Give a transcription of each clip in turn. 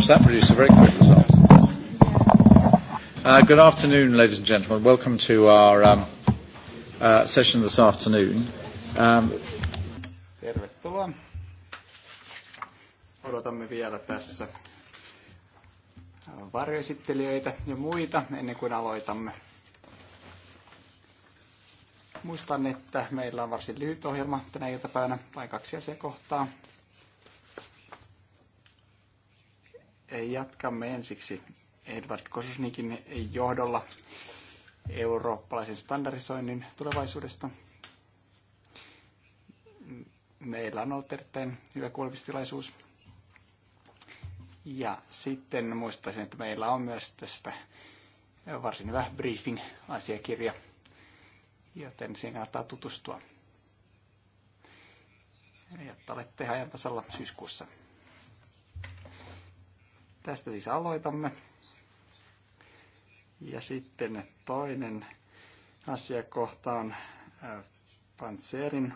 course, that produced a very quick result. Uh, good afternoon, ladies and gentlemen. Welcome to our um, uh, session this afternoon. Um, Tervetuloa. Odotamme vielä tässä äh, varjoesittelijöitä ja muita ennen kuin aloitamme. Muistan, että meillä on varsin lyhyt ohjelma tänä iltapäivänä, vain kaksi asiakohtaa. Jatkamme ensiksi Edward Kosusnikin johdolla eurooppalaisen standardisoinnin tulevaisuudesta. Meillä on ollut erittäin hyvä kuulemistilaisuus. Ja sitten muistaisin, että meillä on myös tästä varsin hyvä briefing-asiakirja, joten siihen kannattaa tutustua, jotta olette ajan tasalla syyskuussa. Tästä siis aloitamme. Ja sitten toinen asiakohta on Panzerin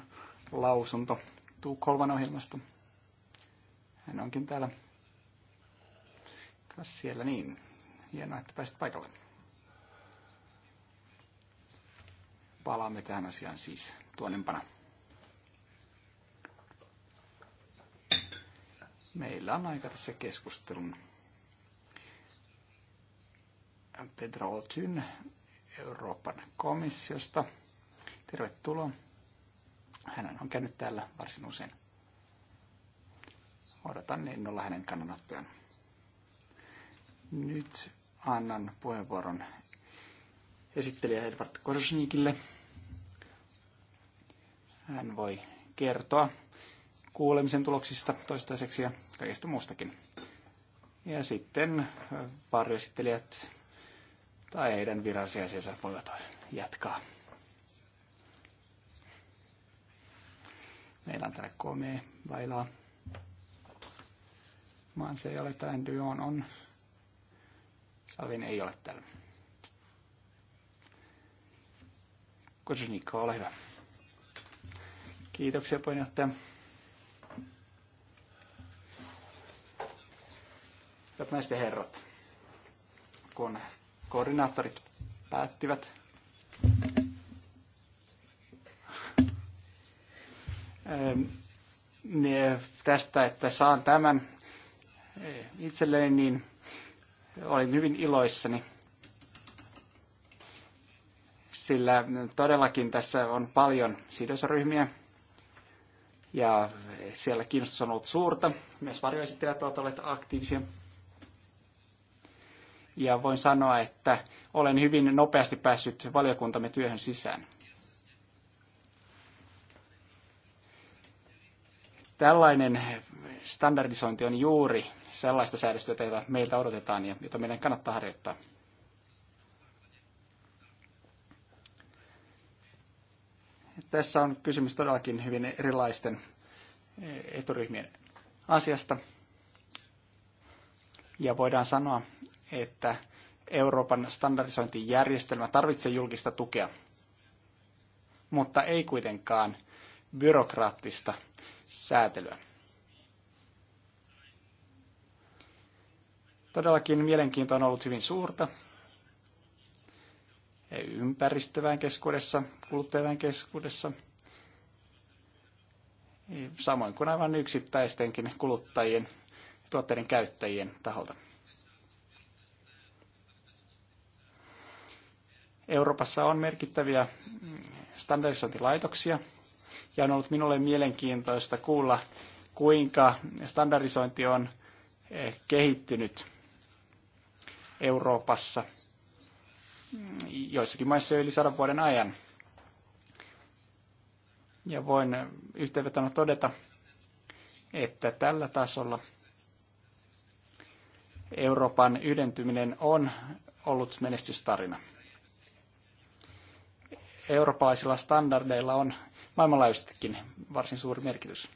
lausunto Tukholman ohjelmasta. Hän onkin täällä. Kas siellä niin. Hienoa, että pääsit paikalle. Palaamme tähän asiaan siis tuonnempana. Meillä on aika tässä keskustelun Pedro Otyn Euroopan komissiosta. Tervetuloa. Hän on käynyt täällä varsin usein. Odotan innolla hänen kannanottojaan. Nyt annan puheenvuoron esittelijä Edward Korsnikille. Hän voi kertoa kuulemisen tuloksista toistaiseksi ja kaikesta muustakin. Ja sitten varjoesittelijät tai heidän virasiaisensa voivat jatkaa. Meillä on täällä kome vailaa. Maan se ei ole täällä, Dion on. Savin ei ole täällä. Kutsus Nikko, ole hyvä. Kiitoksia puheenjohtaja. Hyvät naiset ja herrat, kun koordinaattorit päättivät ähm, tästä, että saan tämän eh, itselleni, niin olin hyvin iloissani. Sillä todellakin tässä on paljon sidosryhmiä ja siellä kiinnostus on ollut suurta. Myös varjoesittelijät ovat olleet aktiivisia ja voin sanoa, että olen hyvin nopeasti päässyt valiokuntamme työhön sisään. Tällainen standardisointi on juuri sellaista säädöstä, jota meiltä odotetaan ja jota meidän kannattaa harjoittaa. Tässä on kysymys todellakin hyvin erilaisten eturyhmien asiasta. Ja voidaan sanoa, että Euroopan standardisointijärjestelmä tarvitsee julkista tukea, mutta ei kuitenkaan byrokraattista säätelyä. Todellakin mielenkiinto on ollut hyvin suurta ympäristövään keskuudessa, kuluttajavään keskuudessa, samoin kuin aivan yksittäistenkin kuluttajien tuotteiden käyttäjien taholta. Euroopassa on merkittäviä mm, standardisointilaitoksia ja on ollut minulle mielenkiintoista kuulla, kuinka standardisointi on eh, kehittynyt Euroopassa mm, joissakin maissa yli sadan vuoden ajan. Ja voin yhteenvetona todeta, että tällä tasolla Euroopan yhdentyminen on ollut menestystarina eurooppalaisilla standardeilla on maailmanlaajuisestikin varsin suuri merkitys.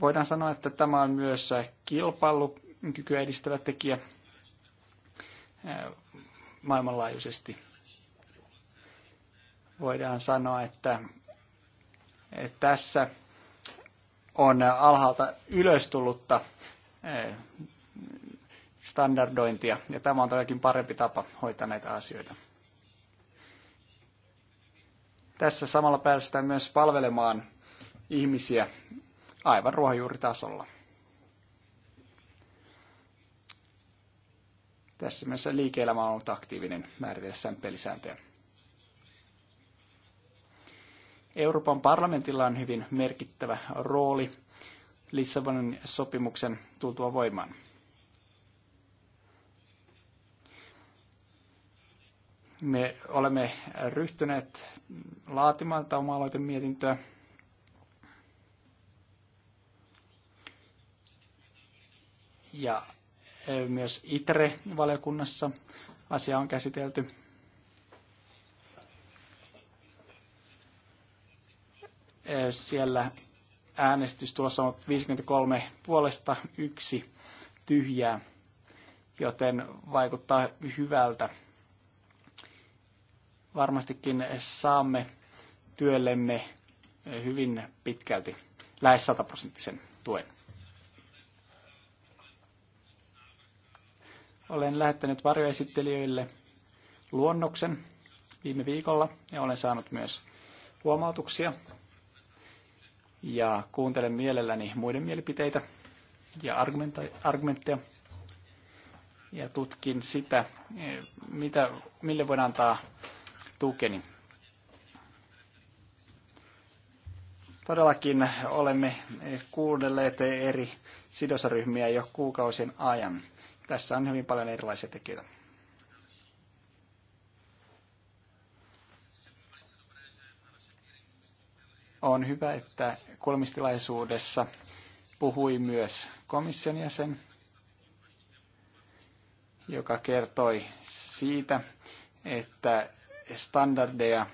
Voidaan sanoa, että tämä on myös kilpailukykyä edistävä tekijä eh, maailmanlaajuisesti. Voidaan sanoa, että, että tässä on alhaalta ylös tullutta eh, standardointia, ja tämä on todellakin parempi tapa hoitaa näitä asioita. Tässä samalla päästään myös palvelemaan ihmisiä aivan ruohonjuuritasolla. Tässä myös liike-elämä on ollut aktiivinen määritellessään pelisääntöjä. Euroopan parlamentilla on hyvin merkittävä rooli Lissabonin sopimuksen tultua voimaan. Me olemme ryhtyneet laatimaan tätä omaa aloitemietintöä. Ja myös ITRE-valiokunnassa asia on käsitelty. Siellä äänestys tuossa on 53 puolesta yksi tyhjää, joten vaikuttaa hyvältä varmastikin saamme työllemme hyvin pitkälti lähes sataprosenttisen tuen. Olen lähettänyt varjoesittelijöille luonnoksen viime viikolla ja olen saanut myös huomautuksia. Ja kuuntelen mielelläni muiden mielipiteitä ja argumentteja ja tutkin sitä, eh, mitä, mille voidaan antaa tukeni. Todellakin olemme kuunnelleet eri sidosryhmiä jo kuukausien ajan. Tässä on hyvin paljon erilaisia tekijöitä. On hyvä, että kuulemistilaisuudessa puhui myös komission jäsen, joka kertoi siitä, että standardeja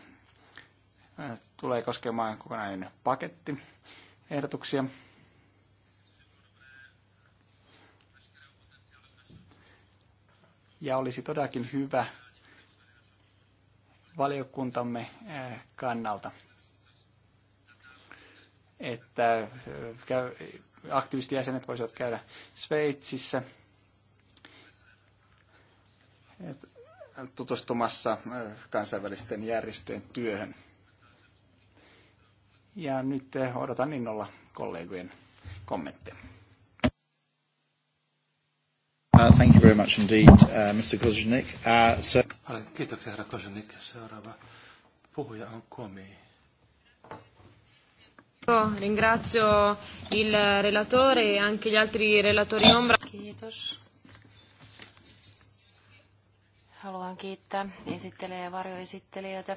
tulee koskemaan kokonainen paketti ehdotuksia. Ja olisi todellakin hyvä valiokuntamme kannalta, että jäsenet voisivat käydä Sveitsissä tutustumassa äh, kansainvälisten järjestöjen työhön. Ja nyt äh, odotan innolla kollegojen kommentteja. Uh, thank you very much indeed, uh, Mr. Kozunik. Uh, so... Kiitoksia, herra Kozunik. Seuraava puhuja on Komi. Ringrazio il relatore e anche gli altri relatori ombra. Kiitos. Haluan kiittää esittelijä ja varjoesittelijöitä.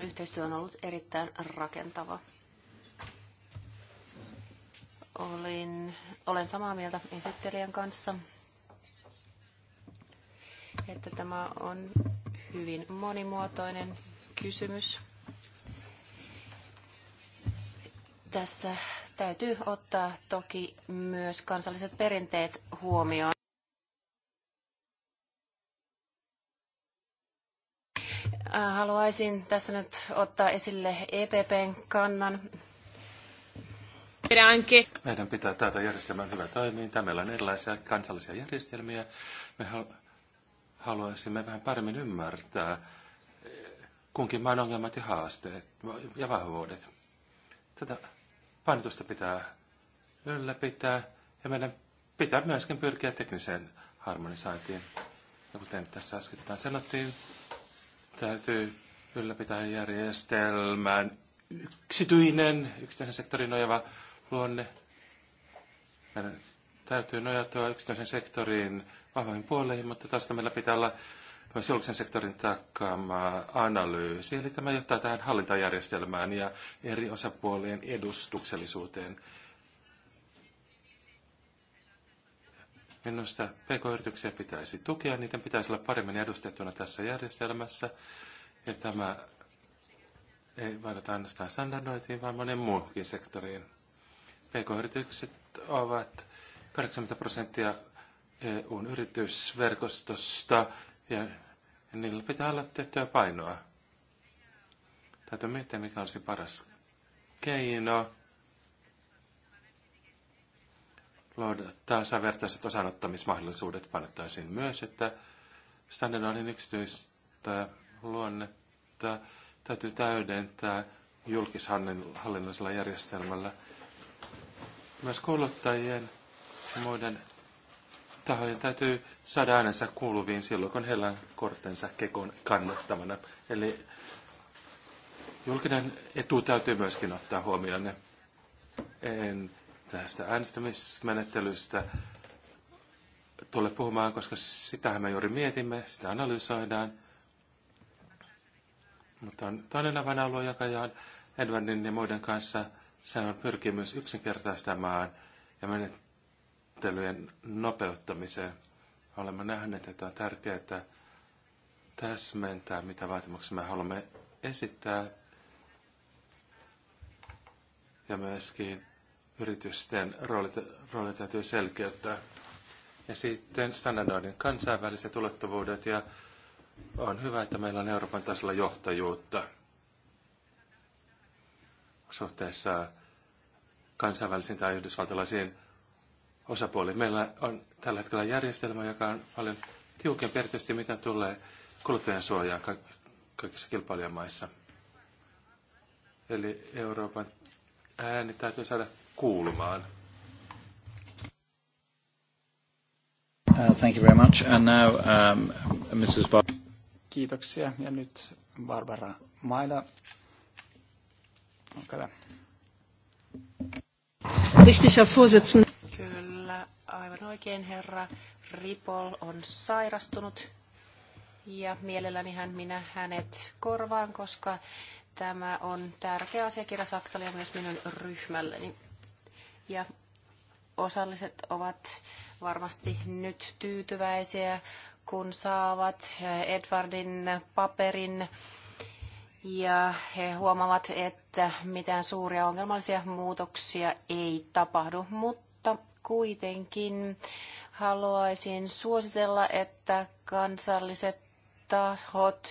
Yhteistyö on ollut erittäin rakentava. Olin, olen samaa mieltä esittelijän kanssa, että tämä on hyvin monimuotoinen kysymys. Tässä täytyy ottaa toki myös kansalliset perinteet huomioon. Äh, haluaisin tässä nyt ottaa esille EPPn kannan. Meidän pitää taata järjestelmän hyvä toiminta. Niin. Meillä on erilaisia kansallisia järjestelmiä. Me haluaisimme vähän paremmin ymmärtää eh, kunkin maan ongelmat ja haasteet ja vahvuudet. Tätä painotusta pitää ylläpitää ja meidän pitää myöskin pyrkiä tekniseen harmonisaantiin. Ja kuten tässä äskettäin sanottiin, Täytyy ylläpitää järjestelmän yksityinen, yksityisen sektorin nojava luonne. Meidän täytyy nojautua yksityisen sektorin vahvoihin puoleihin, mutta tästä meillä pitää olla myös julkisen sektorin takkaama analyysi. Eli tämä johtaa tähän hallintajärjestelmään ja eri osapuolien edustuksellisuuteen. Minusta pk-yrityksiä pitäisi tukea, niiden pitäisi olla paremmin edustettuna tässä järjestelmässä. Ja tämä ei vaikuta ainoastaan standardointiin, vaan monen muuhunkin sektoriin. PK-yritykset ovat 80 prosenttia EUn yritysverkostosta ja niillä pitää olla tehtyä painoa. Täytyy miettiä, mikä olisi paras keino Lord, tasavertaiset osanottamismahdollisuudet. panettaisiin myös, että standardin yksityistä luonnetta täytyy täydentää julkishallinnollisella järjestelmällä. Myös kuluttajien ja muiden tahojen täytyy saada äänensä kuuluviin silloin, kun heillä on kortensa kekon kannattamana. Eli julkinen etu täytyy myöskin ottaa huomioon. En tästä äänestämismenettelystä tule puhumaan, koska sitähän me juuri mietimme, sitä analysoidaan. Mutta on toinen avainalue, joka jaan Edwardin ja muiden kanssa. Se on pyrkimys yksinkertaistamaan ja menettelyjen nopeuttamiseen. Olemme nähneet, että on tärkeää täsmentää, mitä vaatimuksia me haluamme esittää. Ja myöskin yritysten rooli, rooli täytyy selkeyttää. Ja sitten standardoinnin kansainväliset ulottuvuudet ja on hyvä, että meillä on Euroopan tasolla johtajuutta suhteessa kansainvälisiin tai yhdysvaltalaisiin osapuoliin. Meillä on tällä hetkellä järjestelmä, joka on paljon tiukempi, erityisesti mitä tulee kuluttajan suojaan kaikissa kilpailijamaissa. Eli Euroopan ääni täytyy saada kuulumaan. Uh, thank you very much. And now, um, Mrs. Bar- Kiitoksia. Ja nyt Barbara Maila. Olkaa Richtiger Kyllä, aivan oikein herra. Ripol on sairastunut ja mielelläni hän minä hänet korvaan, koska tämä on tärkeä asiakirja Saksalle ja myös minun ryhmälleni ja osalliset ovat varmasti nyt tyytyväisiä, kun saavat Edwardin paperin ja he huomaavat, että mitään suuria ongelmallisia muutoksia ei tapahdu, mutta kuitenkin haluaisin suositella, että kansalliset tahot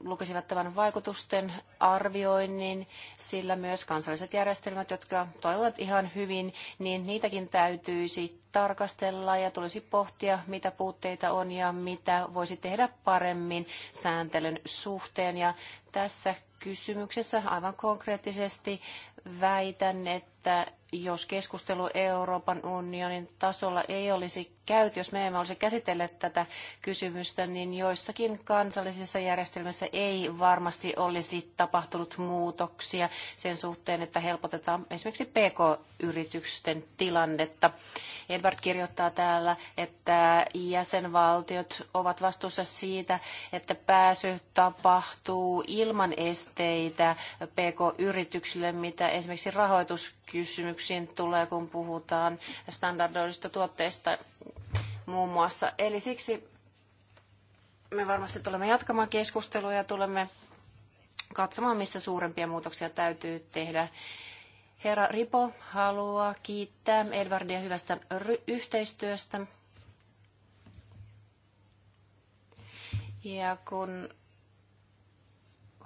lukisivat tämän vaikutusten arvioinnin, sillä myös kansalliset järjestelmät, jotka toimivat ihan hyvin, niin niitäkin täytyisi tarkastella ja tulisi pohtia, mitä puutteita on ja mitä voisi tehdä paremmin sääntelyn suhteen. Ja tässä kysymyksessä aivan konkreettisesti väitän, että että jos keskustelu Euroopan unionin tasolla ei olisi käyty, jos me emme olisi käsitelleet tätä kysymystä, niin joissakin kansallisissa järjestelmissä ei varmasti olisi tapahtunut muutoksia sen suhteen, että helpotetaan esimerkiksi PK-yritysten tilannetta. Edward kirjoittaa täällä, että jäsenvaltiot ovat vastuussa siitä, että pääsy tapahtuu ilman esteitä PK-yrityksille, mitä esimerkiksi rahoitus kysymyksiin tulee, kun puhutaan standardoidusta tuotteista muun muassa. Eli siksi me varmasti tulemme jatkamaan keskustelua ja tulemme katsomaan, missä suurempia muutoksia täytyy tehdä. Herra Ripo haluaa kiittää Edvardia hyvästä yhteistyöstä. Ja kun,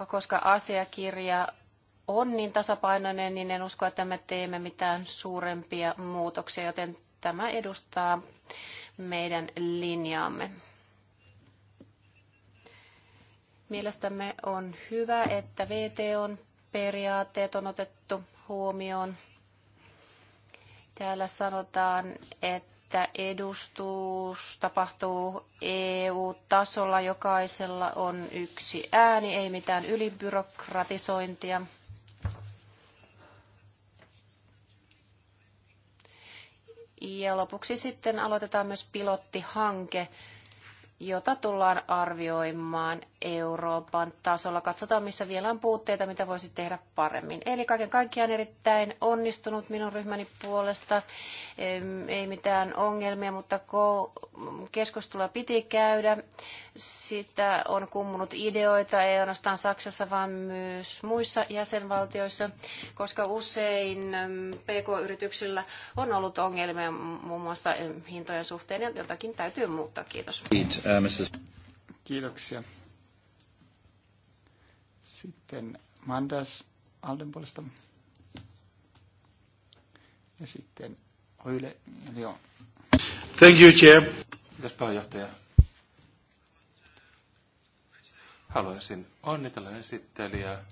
koska asiakirja on niin tasapainoinen, niin en usko, että me teemme mitään suurempia muutoksia, joten tämä edustaa meidän linjaamme. Mielestämme on hyvä, että VTOn periaatteet on otettu huomioon. Täällä sanotaan, että edustus tapahtuu EU-tasolla. Jokaisella on yksi ääni, ei mitään ylibyrokratisointia. Ja lopuksi sitten aloitetaan myös pilottihanke, jota tullaan arvioimaan Euroopan tasolla. Katsotaan, missä vielä on puutteita, mitä voisi tehdä paremmin. Eli kaiken kaikkiaan erittäin onnistunut minun ryhmäni puolesta ei mitään ongelmia, mutta keskustelua piti käydä. Sitä on kummunut ideoita, ei ainoastaan Saksassa, vaan myös muissa jäsenvaltioissa, koska usein PK-yrityksillä on ollut ongelmia muun muassa hintojen suhteen, ja jotakin täytyy muuttaa. Kiitos. Uh, Kiitoksia. Sitten Mandas Alden puolesta. Ja sitten Thank you, Chair. Kiitos pääjohtaja. Haluaisin onnitella esittelijää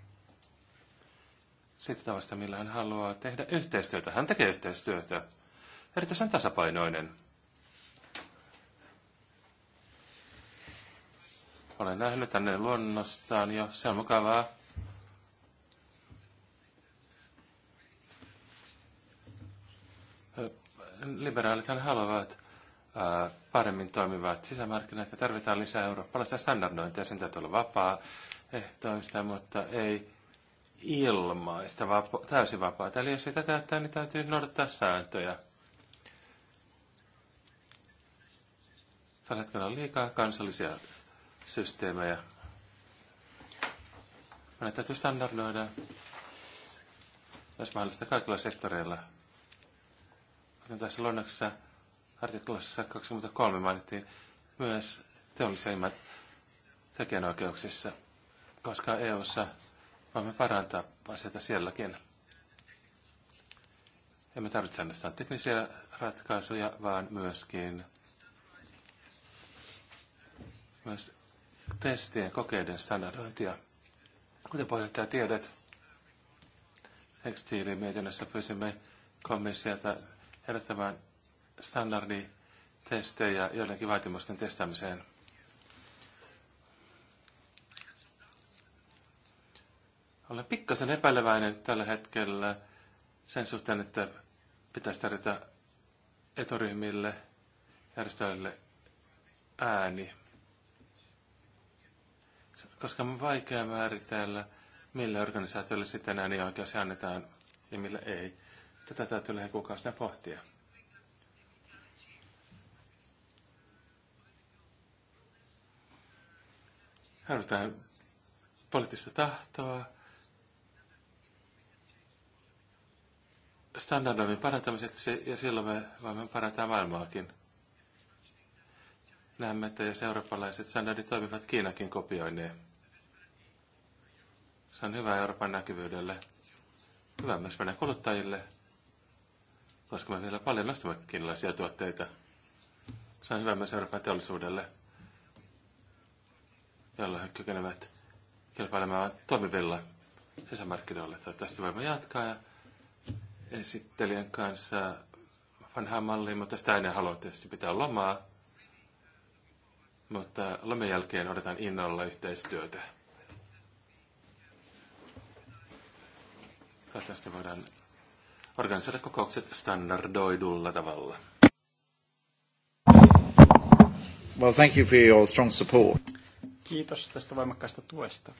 siitä tavasta, millä hän haluaa tehdä yhteistyötä. Hän tekee yhteistyötä. Erityisen tasapainoinen. Olen nähnyt tänne luonnostaan jo. Se on mukavaa. liberaalit haluavat paremmin toimivat sisämarkkinat ja tarvitaan lisää eurooppalaista standardointia. Sen täytyy olla vapaa ehtoista, mutta ei ilmaista, täysin vapaata. Eli jos sitä käyttää, niin täytyy noudattaa sääntöjä. Tällä hetkellä on liikaa kansallisia systeemejä. Meidän täytyy standardoida, jos mahdollista, kaikilla sektoreilla – kuten tässä luonnoksessa artiklassa 23 mainittiin, myös teollisemmat tekijänoikeuksissa, koska EUssa voimme parantaa asioita sielläkin. Emme tarvitse ainoastaan teknisiä ratkaisuja, vaan myöskin myös testien kokeiden standardointia. Kuten puheenjohtaja tiedät, tekstiilimietinnössä pyysimme komissiota herättämään standarditestejä joidenkin vaatimusten testaamiseen. Olen pikkasen epäileväinen tällä hetkellä sen suhteen, että pitäisi tarjota etoryhmille järjestöille ääni. Koska on vaikea määritellä, millä organisaatioille sitten ääni oikeasti annetaan ja millä ei. Tätä täytyy lähikuukausina pohtia. Tarvitaan poliittista tahtoa, standardoimin parantamiseksi, ja silloin me voimme parantaa maailmaakin. Näemme, että jos eurooppalaiset standardit toimivat Kiinakin kopioineen, se on hyvä Euroopan näkyvyydelle, hyvä myös meidän kuluttajille – koska vielä paljon astmakinlaisia tuotteita. Se on hyvä myös Euroopan teollisuudelle, jolla he kykenevät kilpailemaan toimivilla sisämarkkinoilla. tästä voimme jatkaa ja esittelijän kanssa vanhaa malliin, mutta sitä ennen haluan tietysti pitää lomaa. Mutta lomien jälkeen odotan innolla yhteistyötä. Toivottavasti voidaan organisoida kokoukset standardoidulla tavalla. Well, thank you for your strong support. Kiitos tästä voimakkaasta tuesta.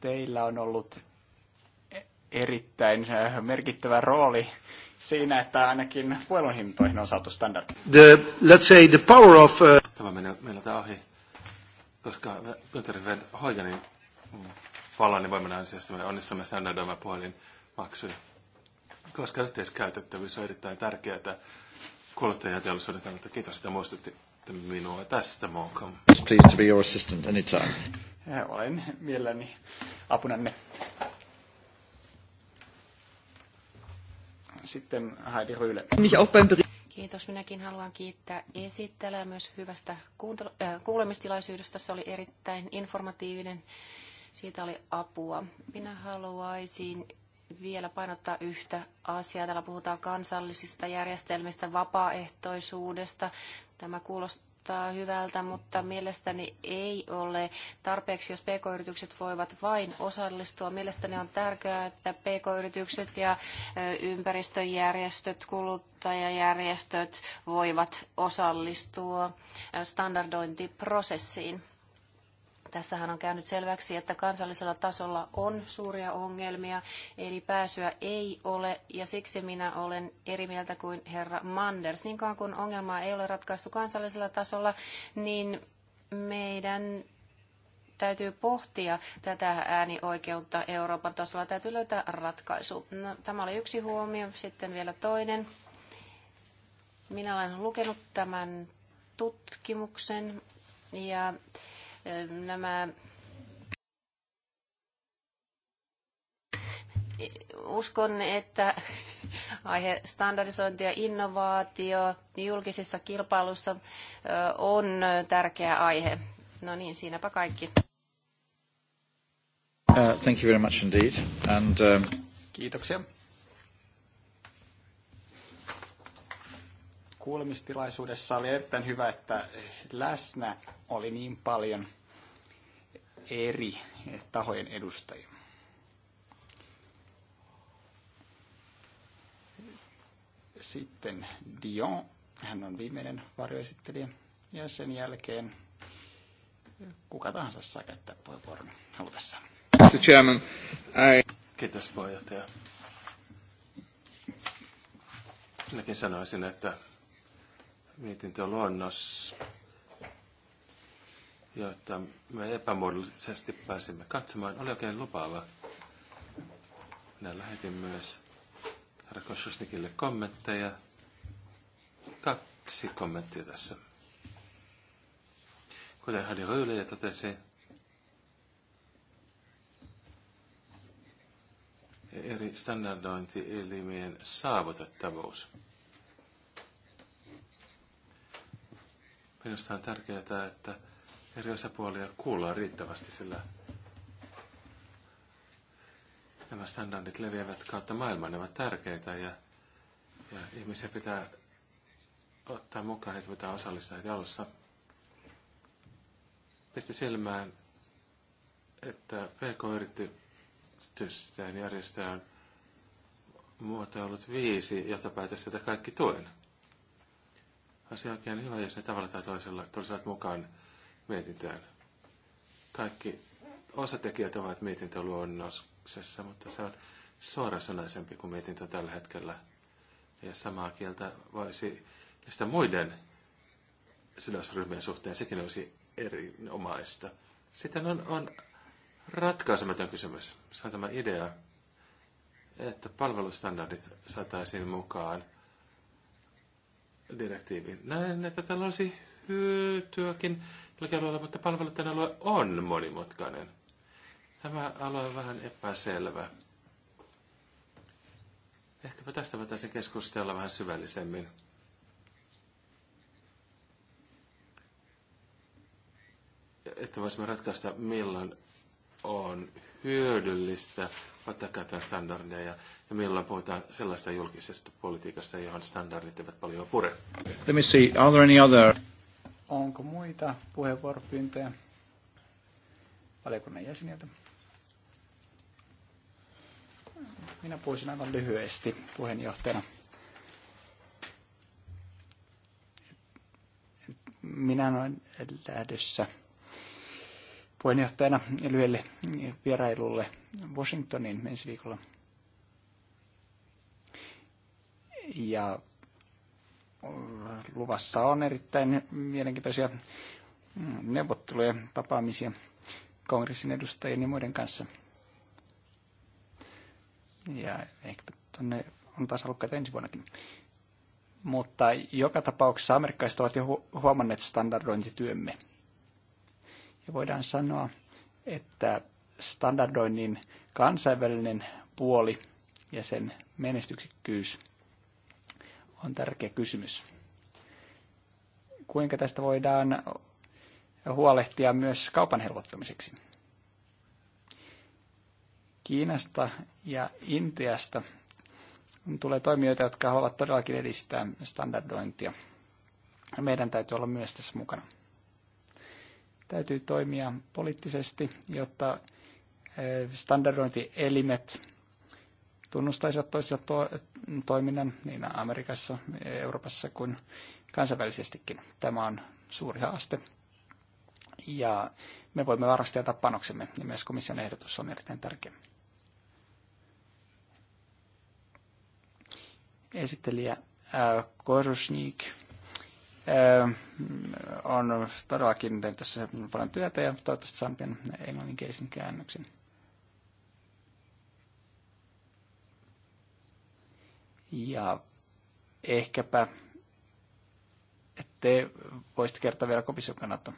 Teillä on ollut erittäin äh, merkittävä rooli siinä, että ainakin puolun hintoihin on saatu standardi. The, let's say the power of... Uh... Tämä menee meillä ohi, koska Günter Hoiganin Falanin niin voiman ansiosta me onnistumme standardoimaan puhelin maksuja. Koska yhteiskäytettävyys on erittäin tärkeää kuluttajateollisuuden kannalta. Kiitos, että muistutitte minua tästä, Mokom. Pleased to be your assistant anytime. Olen mielelläni apunanne. Sitten Heidi Ryyle. Kiitos. Minäkin haluan kiittää esittelyä myös hyvästä äh, kuulemistilaisuudesta. Se oli erittäin informatiivinen siitä oli apua. Minä haluaisin vielä painottaa yhtä asiaa. Täällä puhutaan kansallisista järjestelmistä, vapaaehtoisuudesta. Tämä kuulostaa hyvältä, mutta mielestäni ei ole tarpeeksi, jos pk-yritykset voivat vain osallistua. Mielestäni on tärkeää, että pk-yritykset ja ympäristöjärjestöt, kuluttajajärjestöt voivat osallistua standardointiprosessiin. Tässähän on käynyt selväksi, että kansallisella tasolla on suuria ongelmia, eli pääsyä ei ole, ja siksi minä olen eri mieltä kuin herra Manders. Niin kauan kun ongelmaa ei ole ratkaistu kansallisella tasolla, niin meidän täytyy pohtia tätä äänioikeutta Euroopan tasolla. Täytyy löytää ratkaisu. No, tämä oli yksi huomio, sitten vielä toinen. Minä olen lukenut tämän tutkimuksen ja nämä uskon, että aihe standardisointi ja innovaatio julkisessa kilpailussa on tärkeä aihe. No niin, siinäpä kaikki. Uh, thank you very much indeed. And, um... Kiitoksia. kuulemistilaisuudessa oli erittäin hyvä, että läsnä oli niin paljon eri tahojen edustajia. Sitten Dion, hän on viimeinen varjoesittelijä, ja sen jälkeen kuka tahansa saa käyttää puheenvuoron halutessaan. Mr. Chairman, I... Kiitos puheenjohtaja. Minäkin sanoisin, että mietintöluonnos, jota me epämuodollisesti pääsimme katsomaan, oli oikein lupaava. Minä lähetin myös Rakosusnikille kommentteja. Kaksi kommenttia tässä. Kuten Hadi Röyliä totesi, eri standardointielimien saavutettavuus. Minusta on tärkeää, että eri osapuolia kuullaan riittävästi, sillä nämä standardit leviävät kautta maailman, ne ovat tärkeitä ja, ja ihmisiä pitää ottaa mukaan, että pitää osallistaa heti alussa. Pisti silmään, että PK-yritysten järjestö on muotoillut viisi johtopäätöstä, jota kaikki tuen asia oikein hyvä, jos ne tavalla tai toisella tulisivat mukaan mietintöön. Kaikki osatekijät ovat mietintöluonnoksessa, mutta se on suorasanaisempi kuin mietintö tällä hetkellä. Ja samaa kieltä voisi sitä muiden sidosryhmien suhteen, sekin olisi erinomaista. Sitten on, on ratkaisematon kysymys. Se on tämä idea, että palvelustandardit saataisiin mukaan – direktiiviin. Näen, että tällä olisi hyötyäkin lakialueella, mutta palveluiden alue on monimutkainen. Tämä alue on vähän epäselvä. Ehkäpä tästä voitaisiin keskustella vähän syvällisemmin. Että voisimme ratkaista, milloin on hyödyllistä ottaa käyttöön standardeja ja milloin puhutaan sellaista julkisesta politiikasta, johon standardit eivät paljon pure. Let me see, are there any other? Onko muita puheenvuoropyyntöjä valiokunnan jäseniltä? Minä puhuisin aivan lyhyesti puheenjohtajana. Minä olen lähdössä puheenjohtajana lyhyelle vierailulle Washingtoniin ensi viikolla. Ja luvassa on erittäin mielenkiintoisia mm, neuvotteluja, tapaamisia kongressin edustajien ja muiden kanssa. Ja ehkä tuonne on taas halukkaita ensi vuonnakin. Mutta joka tapauksessa amerikkalaiset ovat jo huomanneet standardointityömme – ja voidaan sanoa, että standardoinnin kansainvälinen puoli ja sen menestyksekkyys on tärkeä kysymys. Kuinka tästä voidaan huolehtia myös kaupan helpottamiseksi? Kiinasta ja Intiasta tulee toimijoita, jotka haluavat todellakin edistää standardointia. Meidän täytyy olla myös tässä mukana. Täytyy toimia poliittisesti, jotta eh, standardointielimet tunnustaisivat toisensa to- toiminnan niin Amerikassa, Euroopassa kuin kansainvälisestikin. Tämä on suuri haaste. Ja me voimme varmasti jättää panoksemme, ja myös komission ehdotus on erittäin tärkeä. Esittelijä eh, Korosnik on todellakin tehnyt tässä paljon työtä ja toivottavasti saan pian englanninkielisen käännöksen. Ja ehkäpä ettei voisit kertoa vielä komission kannalta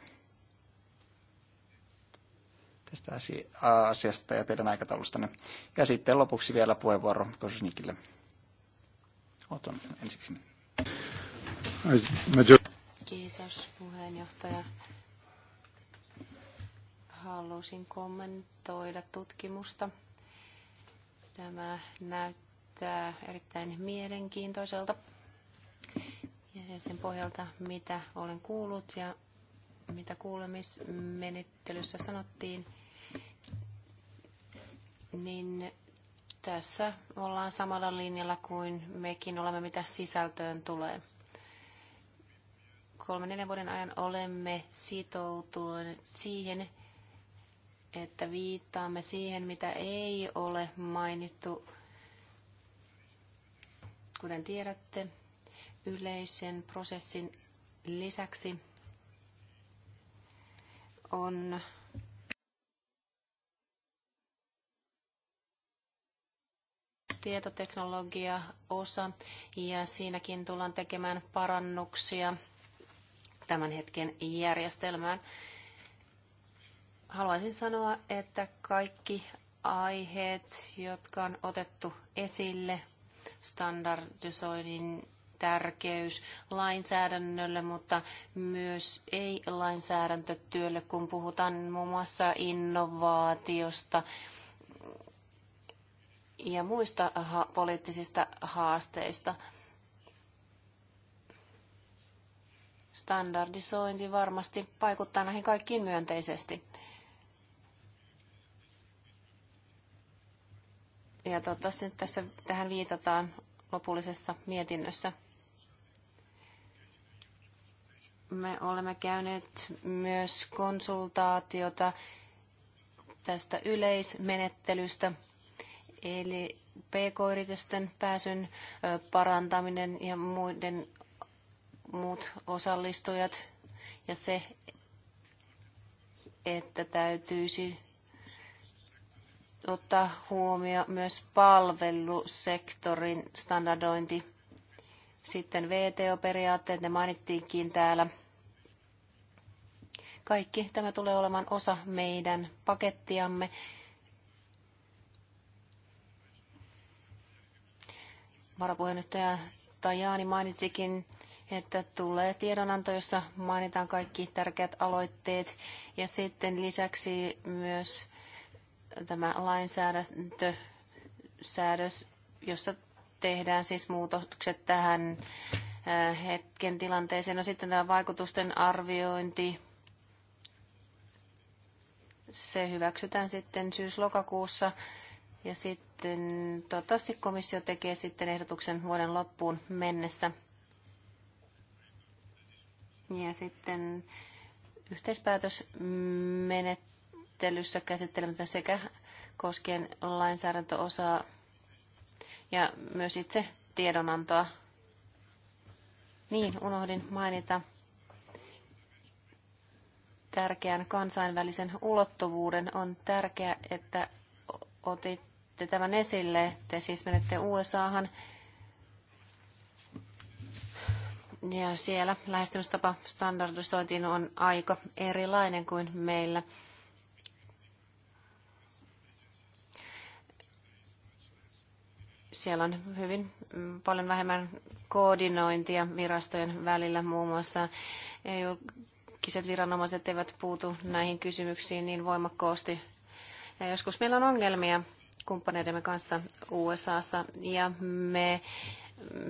tästä asiasta ja teidän aikataulustanne. Ja sitten lopuksi vielä puheenvuoro Kosusnikille. Oton ensiksi. Kiitos puheenjohtaja. Halusin kommentoida tutkimusta. Tämä näyttää erittäin mielenkiintoiselta ja sen pohjalta, mitä olen kuullut ja mitä kuulemismenettelyssä sanottiin, niin tässä ollaan samalla linjalla kuin mekin olemme, mitä sisältöön tulee kolmen neljän vuoden ajan olemme sitoutuneet siihen, että viittaamme siihen, mitä ei ole mainittu. Kuten tiedätte, yleisen prosessin lisäksi on tietoteknologia-osa ja siinäkin tullaan tekemään parannuksia tämän hetken järjestelmään. Haluaisin sanoa, että kaikki aiheet, jotka on otettu esille, standardisoinnin tärkeys lainsäädännölle, mutta myös ei-lainsäädäntötyölle, kun puhutaan muun muassa innovaatiosta ja muista poliittisista haasteista. standardisointi varmasti vaikuttaa näihin kaikkiin myönteisesti. Ja toivottavasti nyt tässä tähän viitataan lopullisessa mietinnössä. Me olemme käyneet myös konsultaatiota tästä yleismenettelystä, eli pk-yritysten pääsyn parantaminen ja muiden muut osallistujat ja se, että täytyisi ottaa huomioon myös palvelusektorin standardointi. Sitten VTO-periaatteet, ne mainittiinkin täällä. Kaikki tämä tulee olemaan osa meidän pakettiamme. Varapuheenjohtaja Tajani mainitsikin että tulee tiedonanto, jossa mainitaan kaikki tärkeät aloitteet ja sitten lisäksi myös tämä lainsäädäntö, säädös, jossa tehdään siis muutokset tähän äh, hetken tilanteeseen. No sitten tämä vaikutusten arviointi, se hyväksytään sitten syys-lokakuussa ja sitten toivottavasti komissio tekee sitten ehdotuksen vuoden loppuun mennessä. Ja sitten yhteispäätösmenettelyssä käsittelemättä sekä koskien lainsäädäntöosaa ja myös itse tiedonantoa. Niin, unohdin mainita tärkeän kansainvälisen ulottuvuuden. On tärkeää, että otitte tämän esille. Te siis menette USAhan Ja siellä lähestymistapa standardisointiin on aika erilainen kuin meillä. Siellä on hyvin mm, paljon vähemmän koordinointia virastojen välillä muun muassa. Julkiset viranomaiset eivät puutu näihin kysymyksiin niin voimakkaasti. Ja joskus meillä on ongelmia kumppaneidemme kanssa USAssa ja me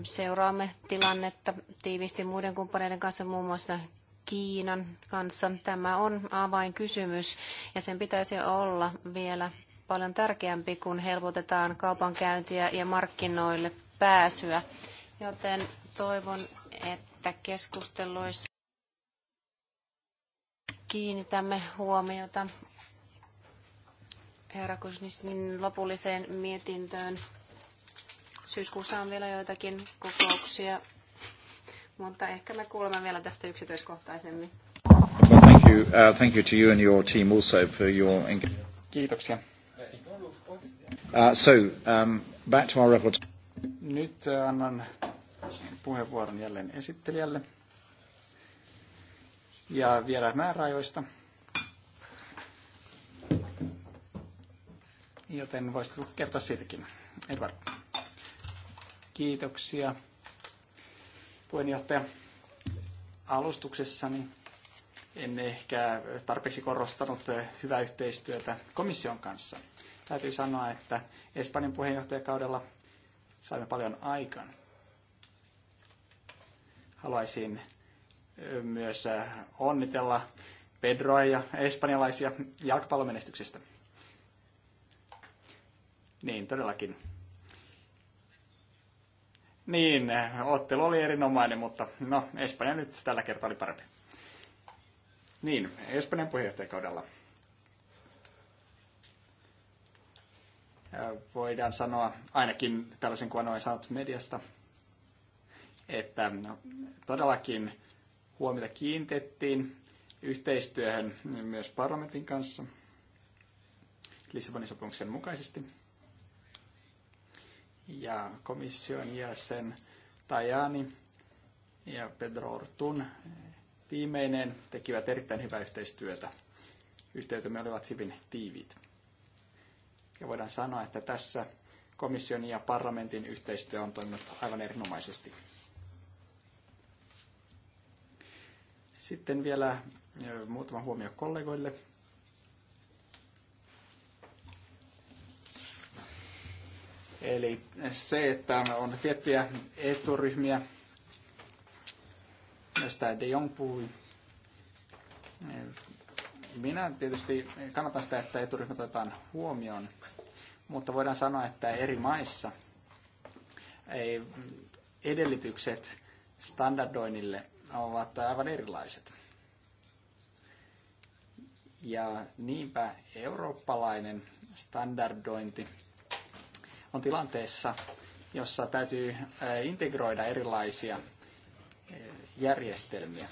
seuraamme tilannetta tiiviisti muiden kumppaneiden kanssa, muun muassa Kiinan kanssa. Tämä on avainkysymys ja sen pitäisi olla vielä paljon tärkeämpi, kun helpotetaan kaupankäyntiä ja markkinoille pääsyä. Joten toivon, että keskusteluissa kiinnitämme huomiota herra Kusniskin lopulliseen mietintöön. Syyskuussa on vielä joitakin kokouksia, mutta ehkä me kuulemme vielä tästä yksityiskohtaisemmin. Well, thank you. Uh, thank you to you and your team also for your Kiitoksia. Uh, so, um, back to our report. Nyt uh, annan puheenvuoron jälleen esittelijälle. Ja vielä määräajoista. Joten voisit kertoa siitäkin. Edward. Kiitoksia puheenjohtaja alustuksessani. En ehkä tarpeeksi korostanut hyvää yhteistyötä komission kanssa. Täytyy sanoa, että Espanjan puheenjohtajakaudella saimme paljon aikaan. Haluaisin myös onnitella Pedroa ja espanjalaisia jalkapallomenestyksestä. Niin, todellakin niin, ottelu oli erinomainen, mutta no, Espanja nyt tällä kertaa oli parempi. Niin, Espanjan puheenjohtajakaudella. Voidaan sanoa, ainakin tällaisen kuin olen saanut mediasta, että no, todellakin huomiota kiintettiin yhteistyöhön myös parlamentin kanssa Lissabonin sopimuksen mukaisesti ja komission jäsen Tajani ja Pedro Ortun eh, tiimeineen tekivät erittäin hyvää yhteistyötä. Yhteytymme olivat hyvin tiiviit. Ja voidaan sanoa, että tässä komission ja parlamentin yhteistyö on toiminut aivan erinomaisesti. Sitten vielä eh, muutama huomio kollegoille. Eli se, että on tiettyjä eturyhmiä, mistä De Jong puhui, minä tietysti kannatan sitä, että eturyhmät otetaan huomioon, mutta voidaan sanoa, että eri maissa ei, edellytykset standardoinnille ovat aivan erilaiset. Ja niinpä eurooppalainen standardointi – on tilanteessa, jossa täytyy eh, integroida erilaisia eh, järjestelmiä.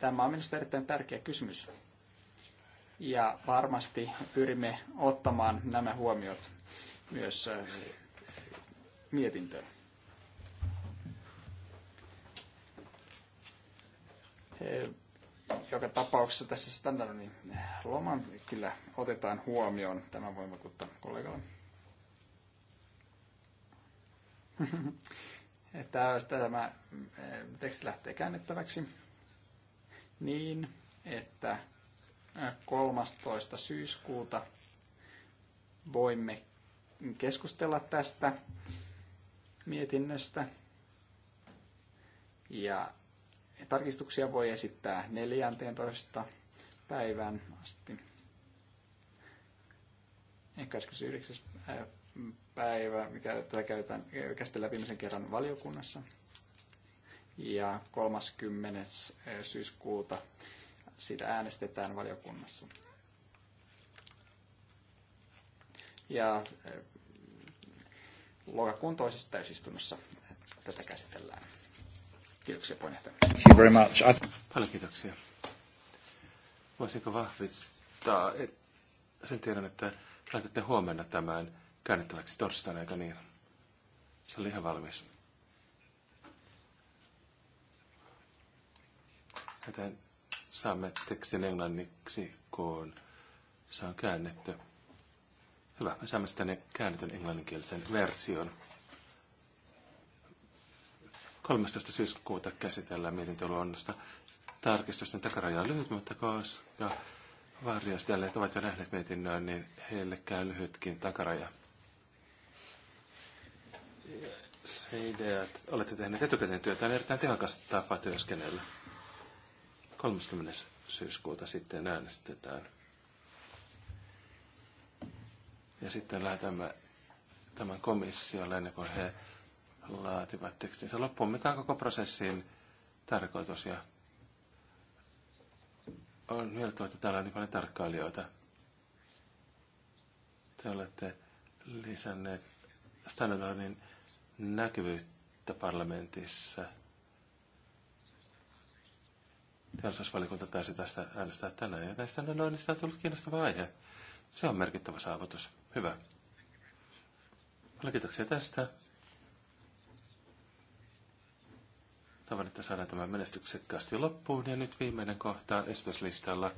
Tämä on minusta erittäin tärkeä kysymys. Ja varmasti pyrimme ottamaan nämä huomiot myös eh, mietintöön joka tapauksessa tässä standardin eh, loman kyllä otetaan huomioon. Tämä voin vakuuttaa kollegalle. Tämä, tämä eh, teksti lähtee käännettäväksi niin, että 13. Eh, syyskuuta voimme keskustella tästä mietinnöstä. Ja Tarkistuksia voi esittää 14. päivään asti. 29. Äh, päivä, mikä tätä käytetään, äh, käsitellään viimeisen kerran valiokunnassa. Ja 30. Äh, syyskuuta siitä äänestetään valiokunnassa. Ja lokakuun toisessa täysistunnossa tätä käsitellään. Kiitoksia puheenjohtaja. Thank you very much. I... Paljon kiitoksia. Voisinko vahvistaa et, sen tiedon, että laitatte huomenna tämän käännettäväksi torstaina, eikö niin? Se oli ihan valmis. Joten saamme tekstin englanniksi, kun se on käännetty. Hyvä, me saamme sitten käännetyn englanninkielisen version. 13. syyskuuta käsitellään mietintöluonnosta. Tarkistusten takarajaa on lyhyt, mutta koska varjastelijat ovat jo nähneet mietinnön, niin heille käy lyhytkin takaraja. Se idea, että olette tehneet etukäteen työtä, on erittäin tehokas tapa työskennellä. 30. syyskuuta sitten äänestetään. Ja sitten lähetämme tämän komissiolle ennen kuin he laativat tekstinsä loppuun, mikä on koko prosessin tarkoitus. Ja on mieltä, että täällä on niin paljon tarkkailijoita. Te olette lisänneet Standardin näkyvyyttä parlamentissa. Teollisuusvaliokunta taisi tästä äänestää tänään, joten Standardista on tullut kiinnostava aihe. Se on merkittävä saavutus. Hyvä. Paljon kiitoksia tästä. Toivon, että saadaan tämä menestyksekkäästi loppuun. Ja nyt viimeinen kohta esityslistalla,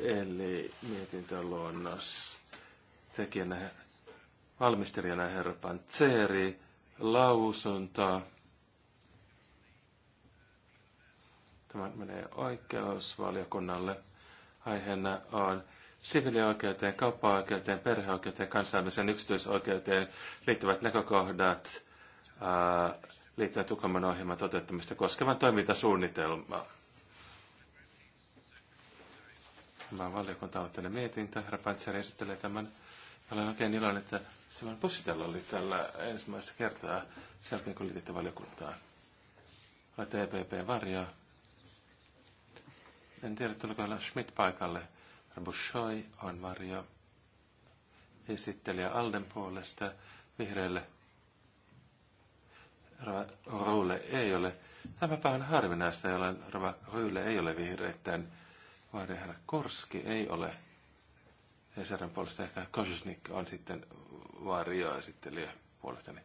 eli mietintöluonnos. Tekijänä valmistelijana herra Pantseri, lausunto. Tämä menee oikeusvaliokunnalle. Aiheena on sivilioikeuteen, kauppa-oikeuteen, perheoikeuteen, kansainväliseen yksityisoikeuteen liittyvät näkökohdat. Ää, liittyen Tukaman ohjelman toteuttamista koskevan toimintasuunnitelmaa. Tämä valiokunta ottanut mietintö. Herra Pantseri esittelee tämän. Olen oikein iloinen, että Simon Pussitella oli tällä ensimmäistä kertaa sen jälkeen, kun liititte valiokuntaan. Olette epp varja, En tiedä, tuliko olla Schmidt paikalle. Bushoi on varjo. Esittelijä Alden puolesta vihreille Rava Ruule ei ole. Tämä päivän harvinaista, jolloin Rava Ruule ei ole vihreitten, vaan herra Korski ei ole. Hesaran puolesta ehkä Kosusnik on sitten esittelijä puolestani.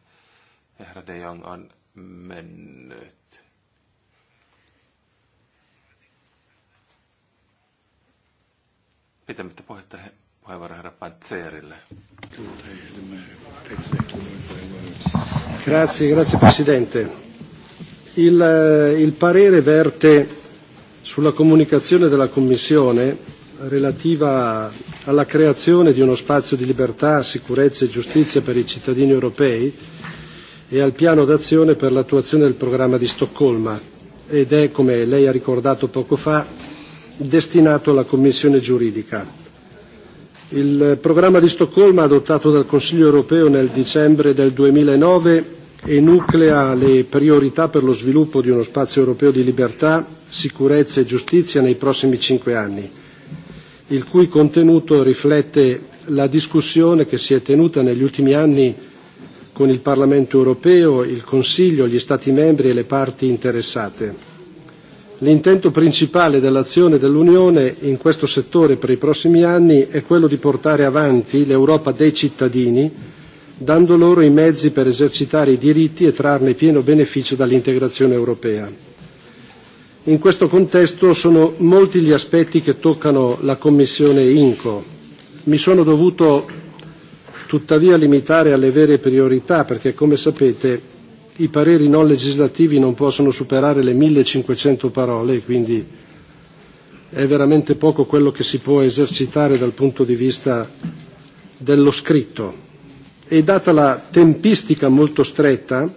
Herra De Jong on mennyt. Pitämättä puhetta he, puheenvuoro herra Pantseerille. Kyllä, Grazie, grazie Presidente. Il, eh, il parere verte sulla comunicazione della Commissione relativa alla creazione di uno spazio di libertà, sicurezza e giustizia per i cittadini europei e al piano d'azione per l'attuazione del programma di Stoccolma ed è, come lei ha ricordato poco fa, destinato alla Commissione giuridica Il programma di Stoccolma adottato dal Consiglio europeo nel dicembre del 2009 enuclea le priorità per lo sviluppo di uno spazio europeo di libertà, sicurezza e giustizia nei prossimi cinque anni, il cui contenuto riflette la discussione che si è tenuta negli ultimi anni con il Parlamento europeo, il Consiglio, gli Stati membri e le parti interessate. L'intento principale dell'azione dell'Unione in questo settore per i prossimi anni è quello di portare avanti l'Europa dei cittadini, dando loro i mezzi per esercitare i diritti e trarne pieno beneficio dall'integrazione europea. In questo contesto sono molti gli aspetti che toccano la Commissione INCO. Mi sono dovuto tuttavia limitare alle vere priorità perché, come sapete, i pareri non legislativi non possono superare le 1500 parole, quindi è veramente poco quello che si può esercitare dal punto di vista dello scritto. E data la tempistica molto stretta,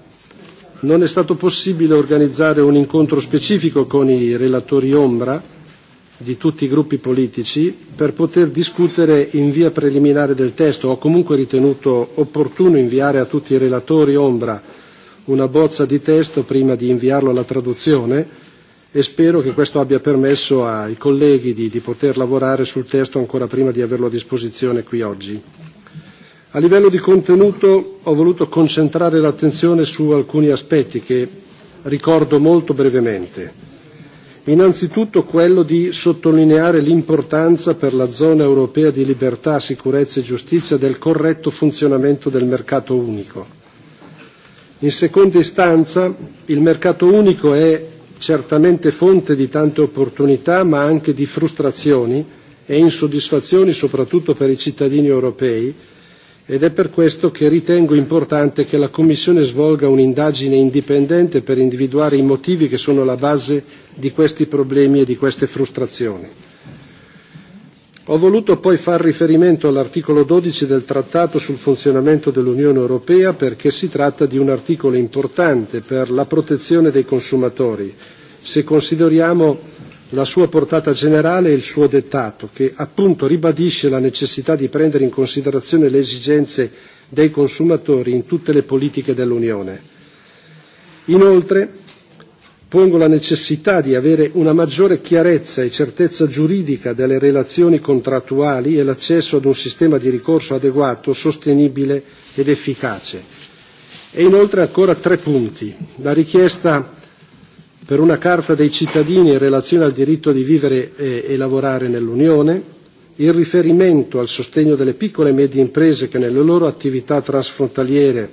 non è stato possibile organizzare un incontro specifico con i relatori ombra di tutti i gruppi politici per poter discutere in via preliminare del testo. Ho comunque ritenuto opportuno inviare a tutti i relatori ombra una bozza di testo prima di inviarlo alla traduzione e spero che questo abbia permesso ai colleghi di, di poter lavorare sul testo ancora prima di averlo a disposizione qui oggi. A livello di contenuto ho voluto concentrare l'attenzione su alcuni aspetti che ricordo molto brevemente. Innanzitutto quello di sottolineare l'importanza per la zona europea di libertà, sicurezza e giustizia del corretto funzionamento del mercato unico In seconda istanza, il mercato unico è certamente fonte di tante opportunità, ma anche di frustrazioni e insoddisfazioni, soprattutto per i cittadini europei, ed è per questo che ritengo importante che la Commissione svolga un'indagine indipendente per individuare i motivi che sono alla base di questi problemi e di queste frustrazioni. Ho voluto poi far riferimento all'articolo 12 del Trattato sul funzionamento dell'Unione Europea perché si tratta di un articolo importante per la protezione dei consumatori, se consideriamo la sua portata generale e il suo dettato, che appunto ribadisce la necessità di prendere in considerazione le esigenze dei consumatori in tutte le politiche dell'Unione. Inoltre, pongo la necessità di avere una maggiore chiarezza e certezza giuridica delle relazioni contrattuali e l'accesso ad un sistema di ricorso adeguato, sostenibile ed efficace. E inoltre ancora tre punti. La richiesta per una carta dei cittadini in relazione al diritto di vivere e, e lavorare nell'Unione, il riferimento al sostegno delle piccole e medie imprese che nelle loro attività transfrontaliere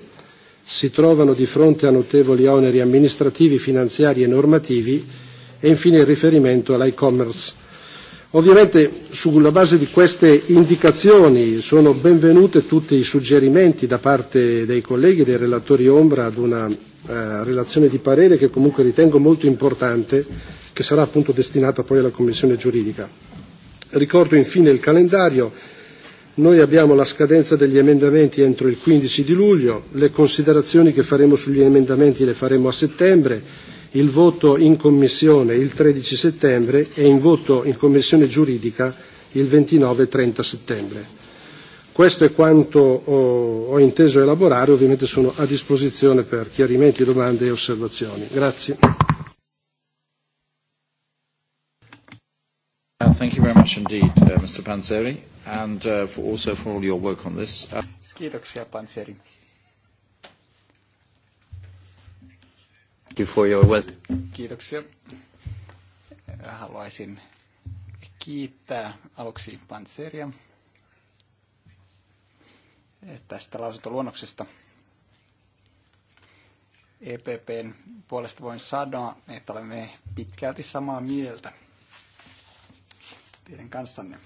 si trovano di fronte a notevoli oneri amministrativi, finanziari e normativi e infine il riferimento all'e-commerce. Ovviamente sulla base di queste indicazioni sono benvenute tutti i suggerimenti da parte dei colleghi e dei relatori ombra ad una eh, relazione di parere che comunque ritengo molto importante, che sarà appunto destinata poi alla Commissione giuridica. Ricordo infine il calendario Noi abbiamo la scadenza degli emendamenti entro il 15 di luglio, le considerazioni che faremo sugli emendamenti le faremo a settembre, il voto in commissione il 13 settembre e il voto in commissione giuridica il 29 e 30 settembre. Questo è quanto ho, oh, ho inteso elaborare, ovviamente sono a disposizione per chiarimenti, domande e osservazioni. Grazie. Uh, thank you very much indeed, uh, Mr. Panzeri, and uh, also for all your work on this. Kiitoksia, Panzeri. Thank you for your work. Kiitoksia. Haluaisin kiittää aluksi Panzeria eh, tästä lausuntoluonnoksesta. EPPn puolesta voin sanoa, että olemme pitkälti samaa mieltä teidän kanssanne.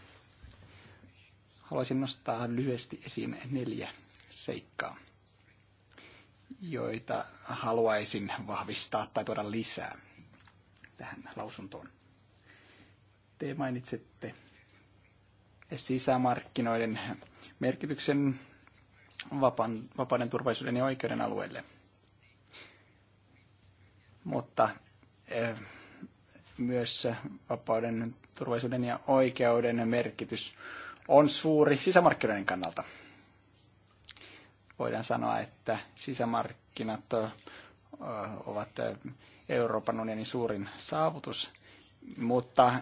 Haluaisin nostaa lyhyesti esiin neljä seikkaa, joita haluaisin vahvistaa tai tuoda lisää tähän lausuntoon. Te mainitsette sisämarkkinoiden merkityksen vapaan, vapauden, turvallisuuden ja oikeuden alueelle. Mutta eh, myös vapauden, turvallisuuden ja oikeuden merkitys on suuri sisämarkkinoiden kannalta. Voidaan sanoa, että sisämarkkinat ovat Euroopan unionin suurin saavutus, mutta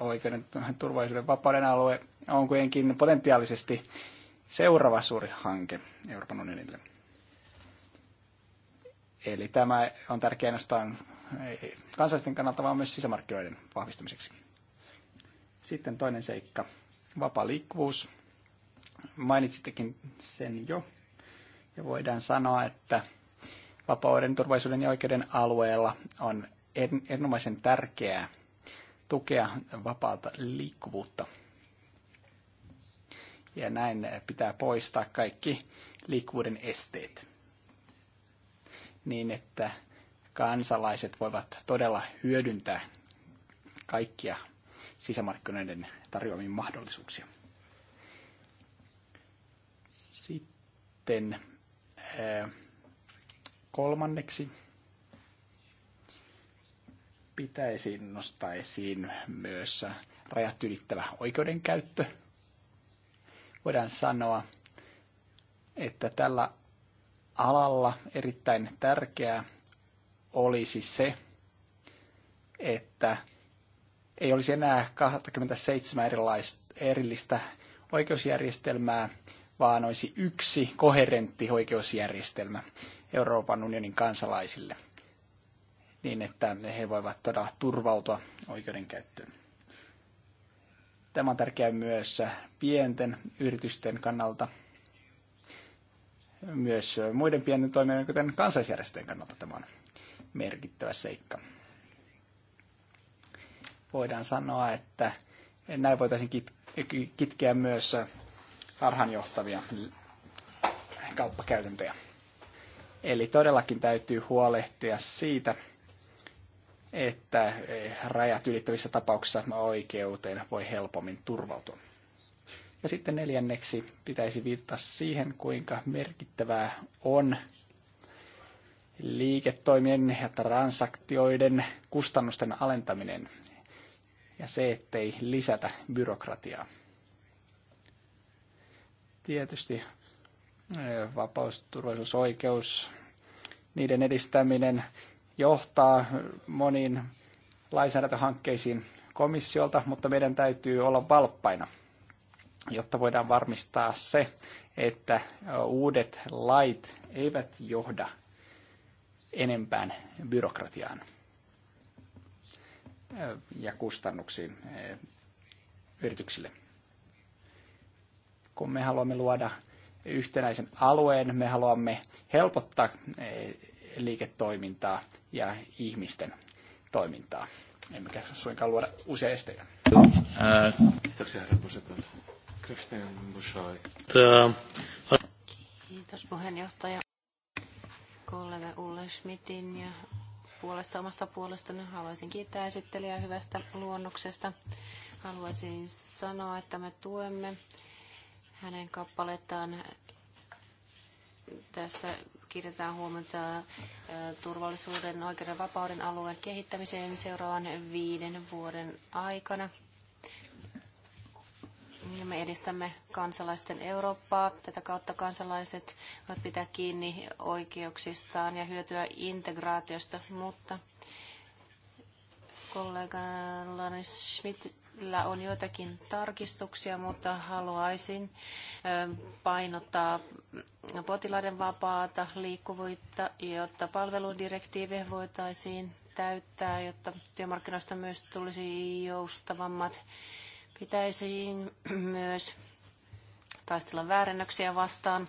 oikeuden turvallisuuden vapauden alue on kuitenkin potentiaalisesti seuraava suuri hanke Euroopan unionille. Eli tämä on tärkeä nostaa kansallisten kannalta, vaan myös sisämarkkinoiden vahvistamiseksi. Sitten toinen seikka, vapaa liikkuvuus. Mainitsittekin sen jo. Ja voidaan sanoa, että vapauden, turvallisuuden ja oikeuden alueella on er-, erinomaisen tärkeää tukea vapaata liikkuvuutta. Ja näin pitää poistaa kaikki liikkuvuuden esteet. Niin, että kansalaiset voivat todella hyödyntää kaikkia sisämarkkinoiden tarjoamia mahdollisuuksia. Sitten eh, kolmanneksi pitäisi nostaa esiin myös rajat ylittävä oikeudenkäyttö. Voidaan sanoa, että tällä alalla erittäin tärkeää olisi se, että ei olisi enää 27 erilaista, erillistä oikeusjärjestelmää, vaan olisi yksi koherentti oikeusjärjestelmä Euroopan unionin kansalaisille, niin että he voivat todella turvautua oikeudenkäyttöön. Tämä on tärkeää myös pienten yritysten kannalta, myös muiden pienten toimijoiden, kuten kansalaisjärjestöjen kannalta tämä on merkittävä seikka. Voidaan sanoa, että näin voitaisiin kitkeä myös harhanjohtavia kauppakäytäntöjä. Eli todellakin täytyy huolehtia siitä, että rajat ylittävissä tapauksissa oikeuteen voi helpommin turvautua. Ja sitten neljänneksi pitäisi viitata siihen, kuinka merkittävää on liiketoimien ja transaktioiden kustannusten alentaminen ja se, ettei lisätä byrokratiaa. Tietysti eh, vapaus, turvallisuus, oikeus, niiden edistäminen johtaa moniin lainsäädäntöhankkeisiin komissiolta, mutta meidän täytyy olla valppaina, jotta voidaan varmistaa se, että uudet lait eivät johda enempään byrokratiaan ja kustannuksiin eh, yrityksille. Kun me haluamme luoda yhtenäisen alueen, me haluamme helpottaa eh, liiketoimintaa ja ihmisten toimintaa. Emmekä suinkaan luoda uusia esteitä. Kiitoksia herra Kiitos puheenjohtaja kollega Ulle Schmidtin ja puolesta omasta puolestani haluaisin kiittää esittelijää hyvästä luonnoksesta. Haluaisin sanoa, että me tuemme hänen kappalettaan. Tässä kiinnitetään huomiota turvallisuuden, oikeuden vapauden alueen kehittämiseen seuraavan viiden vuoden aikana. Ja me edistämme kansalaisten Eurooppaa. Tätä kautta kansalaiset voivat pitää kiinni oikeuksistaan ja hyötyä integraatiosta, mutta kollegallani Schmidtillä on joitakin tarkistuksia, mutta haluaisin painottaa potilaiden vapaata liikkuvuutta, jotta palveludirektiivi voitaisiin täyttää, jotta työmarkkinoista myös tulisi joustavammat Pitäisi myös taistella väärennöksiä vastaan.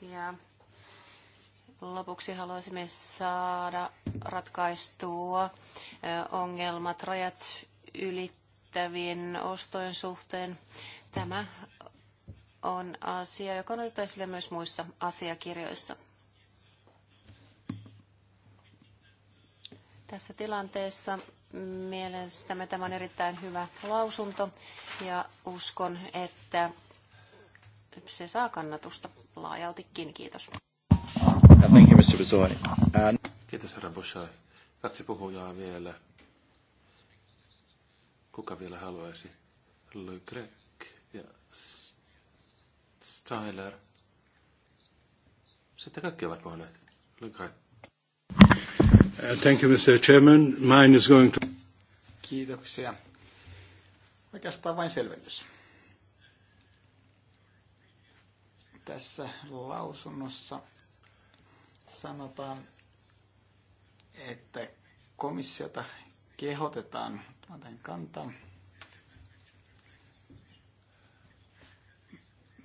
Ja lopuksi haluaisimme saada ratkaistua ongelmat rajat ylittävien ostojen suhteen. Tämä on asia, joka on otettu esille myös muissa asiakirjoissa. Tässä tilanteessa Mielestämme tämä on erittäin hyvä lausunto ja uskon, että se saa kannatusta laajaltikin. Kiitos. Thank you, Mr. And... Kiitos, herra Bushai. Kaksi puhujaa vielä. Kuka vielä haluaisi? Le Grec ja Styler. Sitten kaikki ovat puhuneet. Le Grec. Uh, thank you, Mr. Chairman. Mine is going to... Kiitoksia. Oikeastaan vain selvennys. Tässä lausunnossa sanotaan, että komissiota kehotetaan tämän kantaa,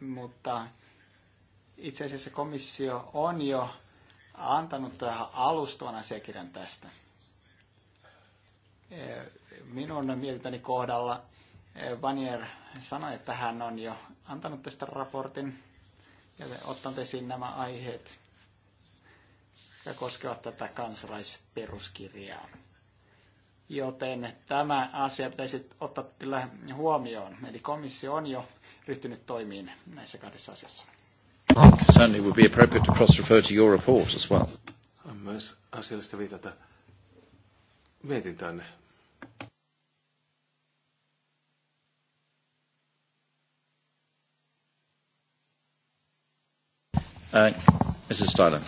mutta itse asiassa komissio on jo antanut tähän alustavan asiakirjan tästä. E, minun mieltäni kohdalla Vanier e, sanoi, että hän on jo antanut tästä raportin ja otan esiin nämä aiheet, jotka koskevat tätä kansalaisperuskirjaa. Joten tämä asia pitäisi ottaa kyllä huomioon. Eli komissio on jo ryhtynyt toimiin näissä kahdessa asiassa think certainly would be appropriate to cross-refer to your report as well. On myös asiallista viitata mietintöönne. Uh, Mrs. Styler.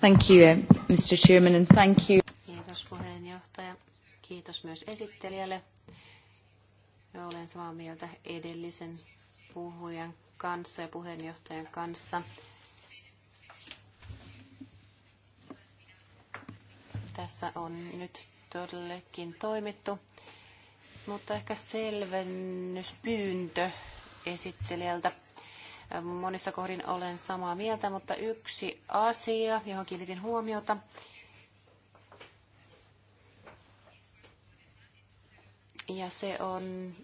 Thank you, uh, Mr. Chairman, and thank you. Kiitos puheenjohtaja. Kiitos myös esittelijälle. Olen samaa mieltä edellisen puhujan kanssa ja puheenjohtajan kanssa. Tässä on nyt todellakin toimittu, mutta ehkä selvennyspyyntö esittelijältä. Monissa kohdin olen samaa mieltä, mutta yksi asia, johon kiinnitin huomiota, ja se on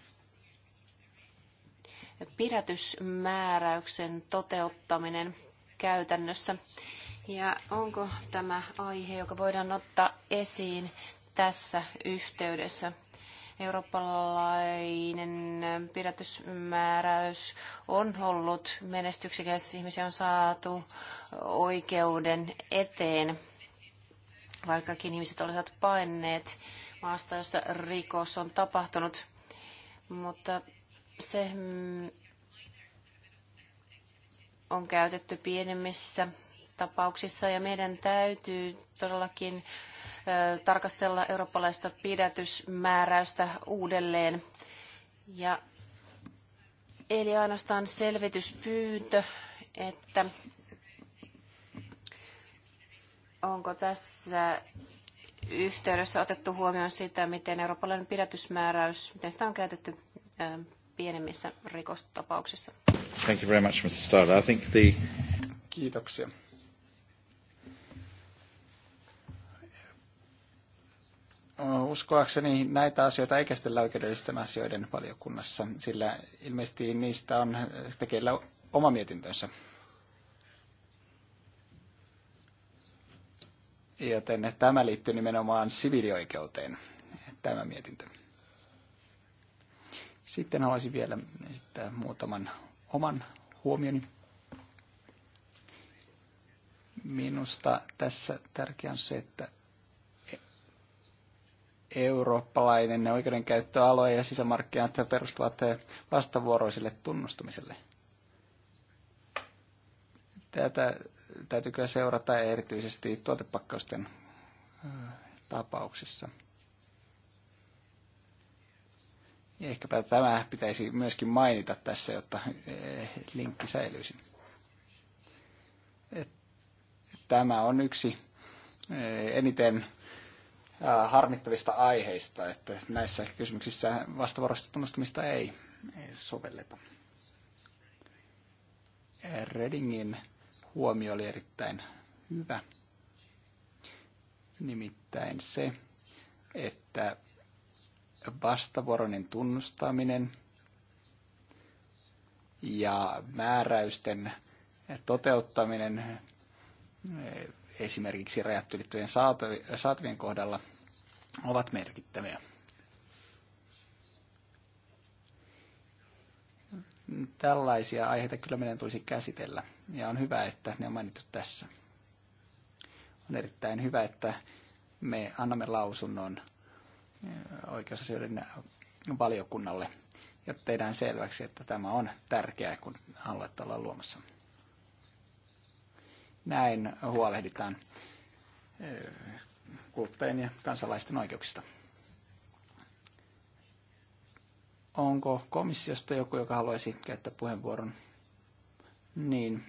pidätysmääräyksen toteuttaminen käytännössä. Ja onko tämä aihe, joka voidaan ottaa esiin tässä yhteydessä? Eurooppalainen pidätysmääräys on ollut menestyksekäs. Ihmisiä on saatu oikeuden eteen, vaikkakin ihmiset olisivat paineet maasta, jossa rikos on tapahtunut. Mutta se mm, on käytetty pienemmissä tapauksissa ja meidän täytyy todellakin tarkastella eurooppalaista pidätysmääräystä uudelleen. Ja, eli ainoastaan selvityspyyntö, että onko tässä yhteydessä otettu huomioon sitä, miten eurooppalainen pidätysmääräys, miten sitä on käytetty pienemmissä rikostapauksissa. Thank you very much, Mr. I think the... Kiitoksia. Uskoakseni näitä asioita ei käsitellä oikeudellisten asioiden valiokunnassa, sillä ilmeisesti niistä on tekeillä oma mietintönsä. Joten tämä liittyy nimenomaan siviilioikeuteen, tämä mietintö. Sitten haluaisin vielä esittää muutaman oman huomioni. Minusta tässä tärkeää on se, että eurooppalainen oikeudenkäyttöalue ja sisämarkkinat perustuvat vastavuoroiselle tunnustamiselle. Tätä täytyy kyllä seurata erityisesti tuotepakkausten tapauksissa – Ehkäpä tämä pitäisi myöskin mainita tässä, jotta eh, linkki säilyisi. Tämä on yksi eh, eniten harmittavista aiheista, että näissä kysymyksissä vastavuoroista tunnustamista ei sovelleta. Redingin huomio oli erittäin hyvä. Nimittäin se, että vastavuoroinen tunnustaminen ja määräysten toteuttaminen esimerkiksi rajat ylittyvien saatavien kohdalla ovat merkittäviä. Tällaisia aiheita kyllä meidän tulisi käsitellä ja on hyvä, että ne on mainittu tässä. On erittäin hyvä, että me annamme lausunnon oikeusasioiden valiokunnalle ja tehdään selväksi, että tämä on tärkeää, kun aluetta ollaan luomassa. Näin huolehditaan kuluttajien ja kansalaisten oikeuksista. Onko komissiosta joku, joka haluaisi käyttää puheenvuoron? Niin,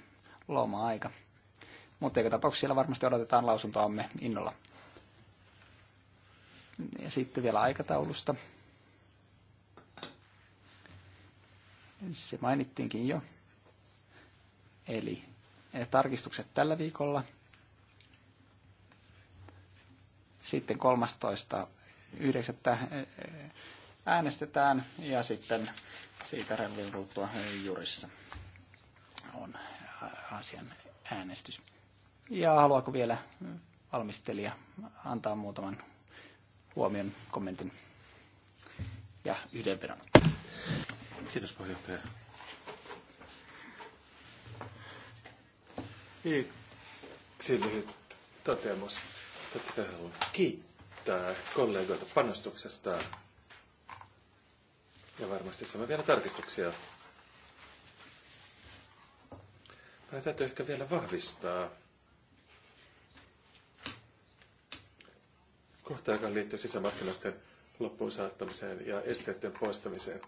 loma-aika. Mutta eikä tapauksessa siellä varmasti odotetaan lausuntoamme innolla. Ja sitten vielä aikataulusta. Se mainittiinkin jo. Eli eh, tarkistukset tällä viikolla. Sitten 13.9. Eh, äänestetään ja sitten siitä rallin jurissa on eh, asian äänestys. Ja haluaako vielä valmistelija antaa muutaman huomion, kommentin ja yhdenvedon. Kiitos puheenjohtaja. Yksi lyhyt toteamus. Totta kai haluan kiittää kollegoita panostuksesta. Ja varmasti saamme vielä tarkistuksia. Meidän täytyy ehkä vielä vahvistaa kohta, joka liittyy sisämarkkinoiden loppuun saattamiseen ja esteiden poistamiseen.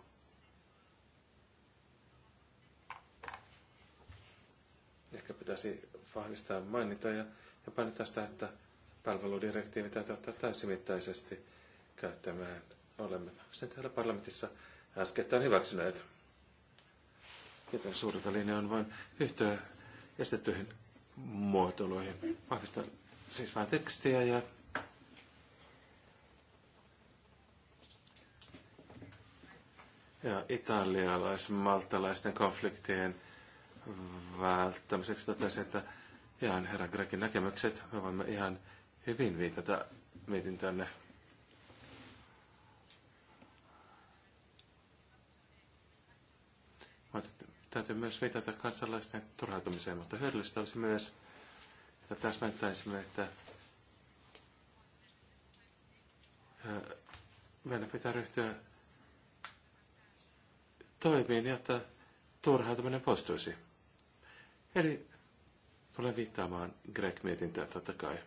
Ehkä pitäisi vahvistaa mainita ja, ja sitä, että palveludirektiivi täytyy ottaa täysimittaisesti käyttämään. Olemme sen täällä parlamentissa äskettäin hyväksyneet. Joten suurta linjaa on vain yhtyä estettyihin muotoiluihin. Vahvistaa siis vain tekstiä ja ja italialaisen maltalaisten konfliktien välttämiseksi totesi, että ihan herran Grekin näkemykset. Me voimme ihan hyvin viitata mietintönne. Mutta täytyy myös viitata kansalaisten turhautumiseen, mutta hyödyllistä olisi myös, että täsmentäisimme, että meidän pitää ryhtyä toimiin, niin, jotta turhautuminen poistuisi. Eli tulen viittaamaan Greg-mietintöä totta kai.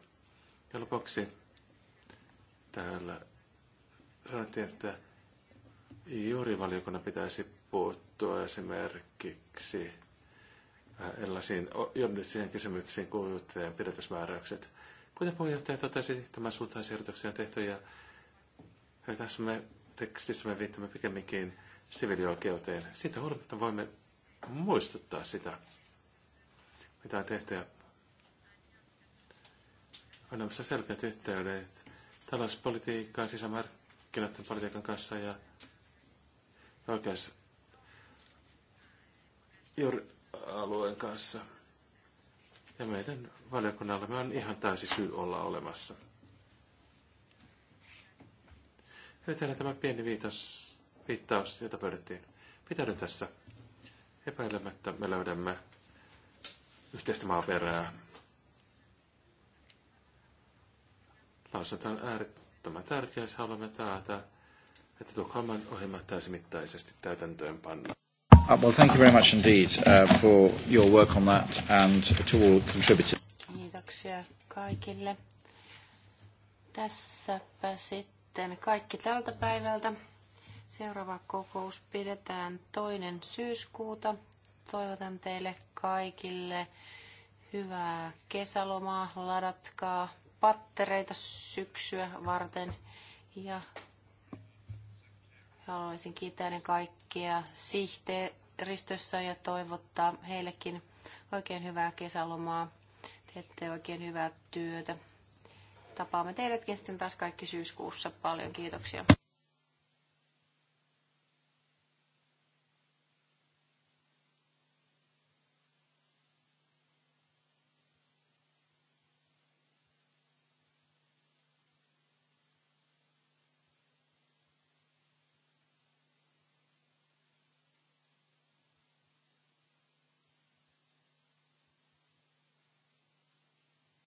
Ja lopuksi täällä sanottiin, että juuri valiokunnan pitäisi puuttua esimerkiksi äh, erilaisiin juridisiin kysymyksiin, kuten pidätysmääräykset. Kuten puheenjohtaja totesi, tämän suuntaan ehdotuksia on tehty ja tässä me tekstissä me viittamme pikemminkin siviilioikeuteen. Sitä huolimatta voimme muistuttaa sitä, mitä on tehty. on olemassa selkeät yhteydet talouspolitiikkaan, sisämarkkinoiden politiikan kanssa ja oikeus juuri alueen kanssa. Ja meidän valiokunnallamme on ihan täysi syy olla olemassa. Eli tehdään tämä pieni viitos viittaus, jota pöydettiin. Pitäydy tässä. Epäilemättä me löydämme yhteistä maaperää. Lausunto on äärettömän tärkeä, jos haluamme taata, että Tukholman ohjelma täysimittaisesti täytäntöön pannaan. Uh, well, thank you very much indeed uh, for your work on that and to all contributors. Kiitoksia kaikille. Tässäpä sitten kaikki tältä päivältä. Seuraava kokous pidetään toinen syyskuuta. Toivotan teille kaikille hyvää kesälomaa, ladatkaa pattereita syksyä varten ja haluaisin kiittää ne kaikkia sihteeristössä ja toivottaa heillekin oikein hyvää kesälomaa. Teette oikein hyvää työtä. Tapaamme teidätkin sitten taas kaikki syyskuussa. Paljon kiitoksia.